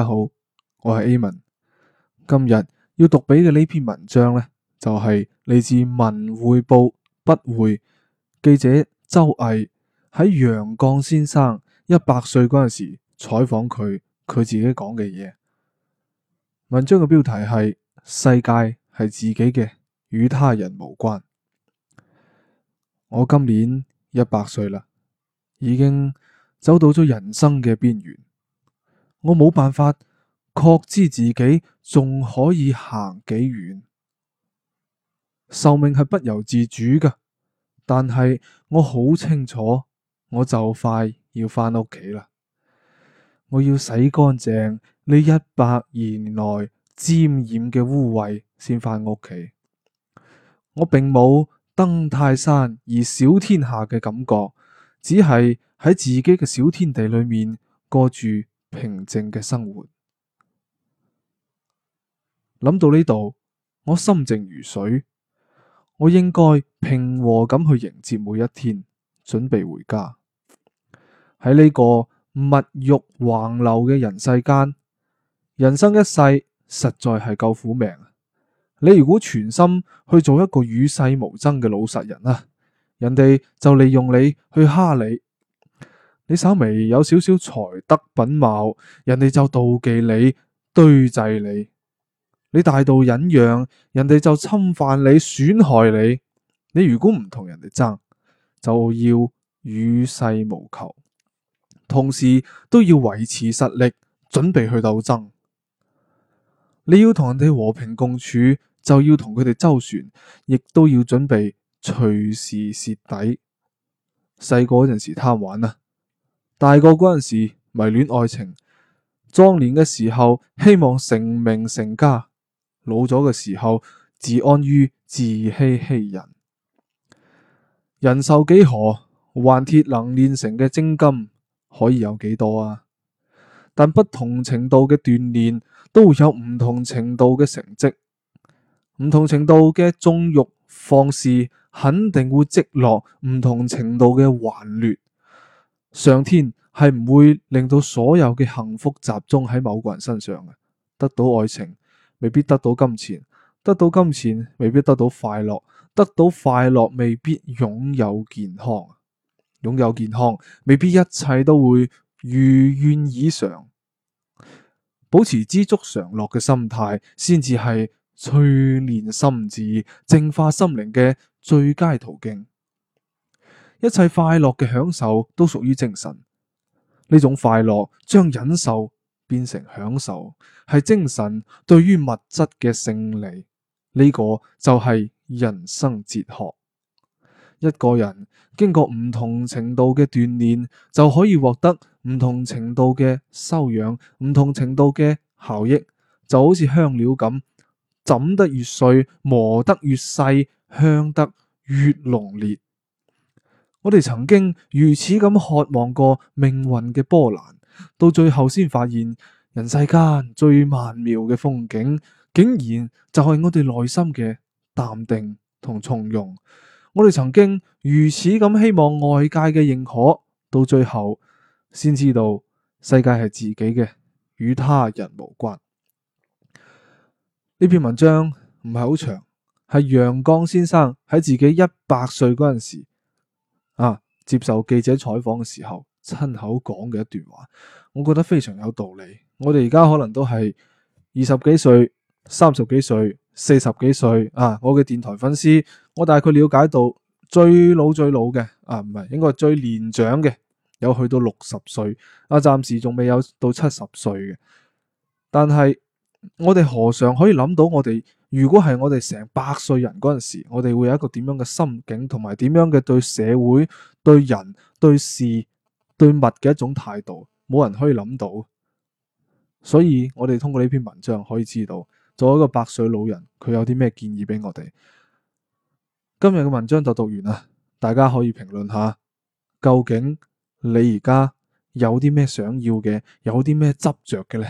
大家好，我係 Amen。今日要讀俾嘅呢篇文章呢，就係、是、嚟自《文匯報》筆會記者周毅喺楊絳先生一百歲嗰陣時採訪佢，佢自己講嘅嘢。文章嘅標題係《世界係自己嘅，與他人無關》。我今年一百歲啦，已經走到咗人生嘅邊緣。我冇辦法確知自己仲可以行幾遠，壽命係不由自主㗎。但係我好清楚，我就快要翻屋企啦。我要洗乾淨呢一百年來沾染嘅污穢，先翻屋企。我並冇登泰山而小天下嘅感覺，只係喺自己嘅小天地裏面過住平靜嘅生活，諗到呢度，我心靜如水。我應該平和咁去迎接每一天，準備回家。喺呢個物欲橫流嘅人世間，人生一世實在係夠苦命。你如果全心去做一個與世無爭嘅老實人啊，人哋就利用你去蝦你。你稍微有少少才德品貌，人哋就妒忌你，堆製你；你大度忍讓，人哋就侵犯你、損害你。你如果唔同人哋爭，就要與世無求，同時都要維持實力，準備去鬥爭。你要同人哋和平共處，就要同佢哋周旋，亦都要準備隨時蝕底。細個嗰陣時貪玩啊！大個嗰陣時迷戀愛情，壯年嘅時候希望成名成家，老咗嘅時候自安於自欺欺人。人壽幾何，頑鐵能煉成嘅精金可以有幾多啊？但不同程度嘅鍛煉都會有唔同程度嘅成績，唔同程度嘅縱慾放肆肯定會積落唔同程度嘅頑劣。上天係唔會令到所有嘅幸福集中喺某個人身上嘅，得到愛情未必得到金錢，得到金錢未必得到快樂，得到快樂未必擁有健康，擁有健康未必一切都會如願以償。保持知足常樂嘅心態，先至係淬煉心智、淨化心靈嘅最佳途徑。一切快樂嘅享受都屬於精神，呢種快樂將忍受變成享受，係精神對於物質嘅勝利。呢個就係人生哲學。一個人經過唔同程度嘅鍛煉，就可以獲得唔同程度嘅修養、唔同程度嘅效益。就好似香料咁，枕得越碎磨得越細，香得越濃烈。我哋曾經如此咁渴望過命運嘅波瀾，到最後先發現人世間最曼妙嘅風景，竟然就係我哋內心嘅淡定同從容。我哋曾經如此咁希望外界嘅認可，到最後先知道世界係自己嘅，與他人無關。呢篇文章唔係好長，係楊絳先生喺自己一百歲嗰陣時。接受記者採訪嘅時候，親口講嘅一段話，我覺得非常有道理。我哋而家可能都係二十幾歲、三十幾歲、四十幾歲啊！我嘅電台粉絲，我大概了解到最老最老嘅啊，唔係應該係最年長嘅，有去到六十歲啊，暫時仲未有到七十歲嘅。但係我哋何嘗可以諗到我哋？如果係我哋成百歲人嗰陣時，我哋會有一個點樣嘅心境，同埋點樣嘅對社會、對人、對事、對物嘅一種態度，冇人可以諗到。所以我哋通過呢篇文章可以知道，作為一個百歲老人，佢有啲咩建議俾我哋。今日嘅文章就讀完啦，大家可以評論下，究竟你而家有啲咩想要嘅，有啲咩執着嘅呢？